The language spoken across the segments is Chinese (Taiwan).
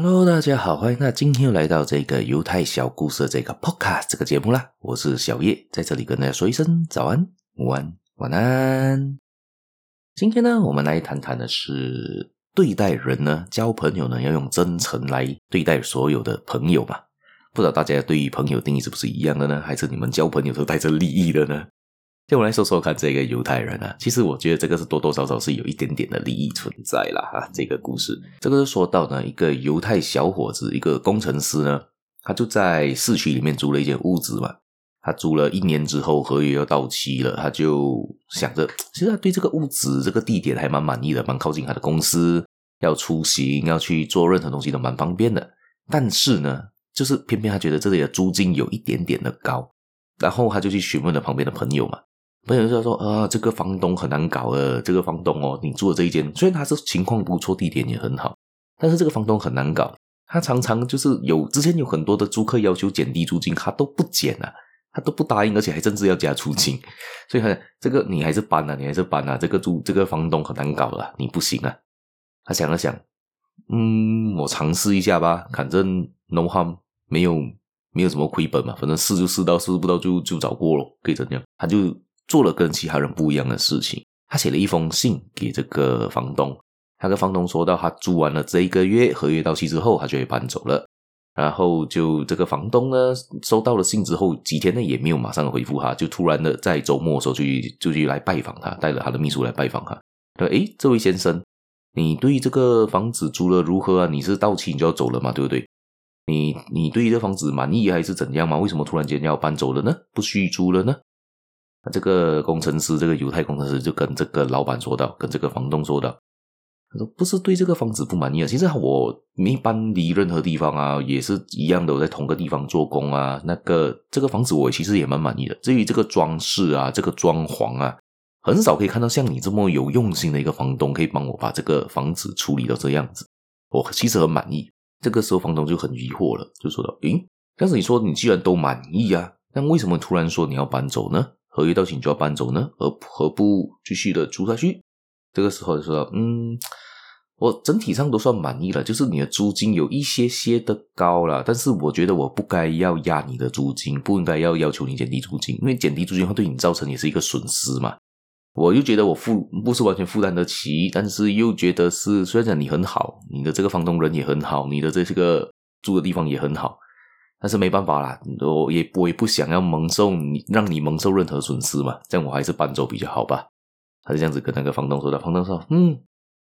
Hello，大家好，歡迎那今天又來到這個猶太小故事的這個 Podcast 這個節目啦。我是小葉，在這裡跟大家說一聲早安、午安、晚安。今天呢，我們來談談的是對待人呢，交朋友呢，要用真誠來對待所有的朋友嘛。不知道大家對於朋友定義是不是一樣的呢？還是你們交朋友都帶着利益的呢？對我來說說看這個猶太人啊，其實我覺得這個是多多少少是有一點點的利益存在了哈。這個故事，這個是說到呢，一個猶太小伙子，一個工程師呢，他就在市區裡面租了一間屋子嘛。他租了一年之後，合約要到期了，他就想着，其實他對這個屋子，這個地點還蠻滿意的，蠻靠近他的公司，要出行，要去做任何東西都蠻方便的。但是呢，就是偏偏他覺得這裡的租金有一點點的高，然後他就去詢問了旁邊的朋友嘛。朋友就說：“啊、哦，這個房東很難搞的。這個房東哦，你住的這一間，雖然他是情況不錯，地點也很好，但是這個房東很難搞。他常常就是有之前有很多的租客要求減低租金，他都不減啊，他都不答應，而且還真是要加租金。所以他，這個你還是搬啊，你還是搬啊，這個租這個房東很難搞了，啊，你不行啊。”他想了想，嗯，我嘗試一下吧，反正 No harm，沒有沒有什麼虧本嘛，反正試就試到試不到就就找過咯，可以怎樣？他就。做了跟其他人不一樣的事情，他寫了一封信給這個房東，他跟房東說到，他租完了這一個月，合約到期之後，他就會搬走了。然後就這個房東呢，收到了信之後，幾天內也沒有馬上回復他，就突然的在周末的時候去就，就去來拜訪他，帶了他的秘書來拜訪他。說，哎，這位先生，你對這個房子租了如何啊？你是到期你就要走了嗎？對不對？你你對這個房子滿意還是怎樣嗎？為什麼突然間要搬走了呢？不續租了呢？這個工程師，這個猶太工程師就跟這個老闆說道，跟這個房東說道：“他說不是對這個房子不滿意，啊，其實我沒搬離任何地方啊，也是一樣的，我在同個地方做工啊。那個這個房子我其實也蠻滿意的。至於這個裝飾啊，這個裝潢啊，很少可以看到像你這麼有用心的一個房東，可以幫我把這個房子處理到這樣子，我其實很滿意。”這個時候，房東就很疑惑了，就說道：“誒，但是你說你既然都滿意啊，那為什麼突然說你要搬走呢？”合約到期就要搬走呢，何不何不繼續的租下去？這個時候就說，嗯，我整體上都算滿意了，就是你的租金有一些些的高了，但是我覺得我不該要壓你的租金，不應該要要求你減低租金，因為減低租金會對你造成也是一個損失嘛。我就覺得我負不是完全負擔得起，但是又覺得是，雖然講你很好，你的這個房東人也很好，你的這個住的地方也很好。但是沒辦法啦，你說，我也我也不想要蒙受你讓你蒙受任何損失嘛，這樣我還是搬走比較好吧。他就這樣子跟那個房東說的，房東說：“嗯，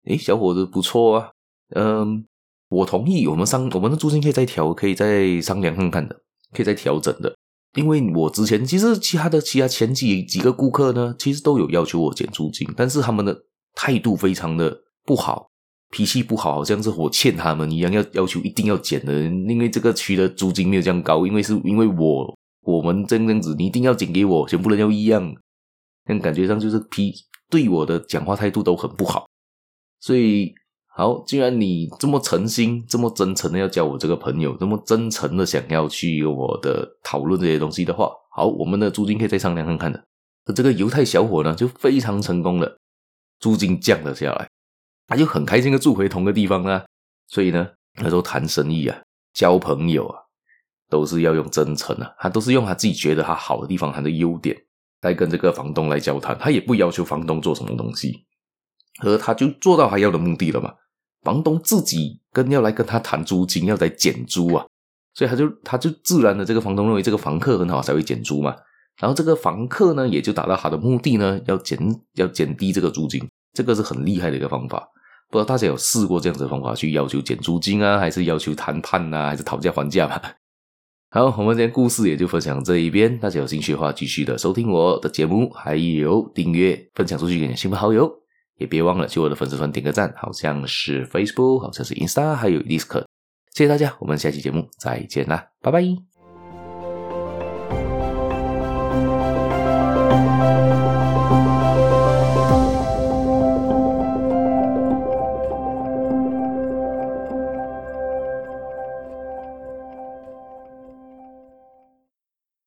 誒，小夥子不錯啊，嗯，我同意，我們商我們的租金可以再調，可以再商量看看的，可以再調整的。因為我之前其實其他的其他前幾幾個顧客呢，其實都有要求我減租金，但是他們的態度非常的不好。”脾氣不好，好像是我欠他們一樣，要要求一定要減的，因為這個區的租金沒有這樣高，因為是因為我我們這樣子，你一定要減給我，全部人都一樣，但感覺上就是脾對我的講話態度都很不好。所以好，既然你這麼誠心、這麼真誠的要交我這個朋友，這麼真誠的想要去我的討論這些東西的話，好，我們的租金可以再商量看看的。這個猶太小伙呢，就非常成功了，租金降了下來。他就很開心的住回同個地方啊，所以呢，那時候談生意啊、交朋友啊，都是要用真誠啊。他都是用他自己覺得他好的地方，他的優點來跟這個房東來交談。他也不要求房東做什麼東西，而他就做到他要的目的了嘛。房東自己跟要來跟他談租金，要來減租啊，所以他就他就自然的這個房東認為這個房客很好才會減租嘛。然後這個房客呢，也就達到他的目的呢，要減要減低這個租金，這個是很厲害的一個方法。不知道大家有試過這樣子的方法去要求減租金啊，還是要求談判吶、啊，還是討價還價嘛？好，我們今天故事也就分享這一邊。大家有興趣的話，繼續的收聽我的節目，還有訂閱、分享出去給你的親朋好友，也別忘了去我的粉絲團點個讚。好像是 Facebook，好像是 Insta，還有 Discord。謝謝大家，我們下期節目再見啦，拜拜。